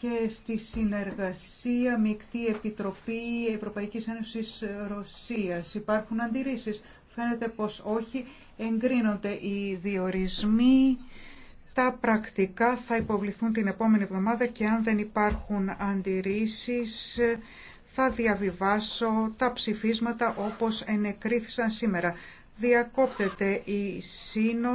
και στη συνεργασία Μικτή Επιτροπή Ευρωπαϊκής Ένωσης Ρωσίας. Υπάρχουν αντιρρήσεις. Φαίνεται πως όχι. Εγκρίνονται οι διορισμοί. Τα πρακτικά θα υποβληθούν την επόμενη εβδομάδα και αν δεν υπάρχουν αντιρρήσεις θα διαβιβάσω τα ψηφίσματα όπως ενεκρίθησαν σήμερα. Διακόπτεται η σύνοδο.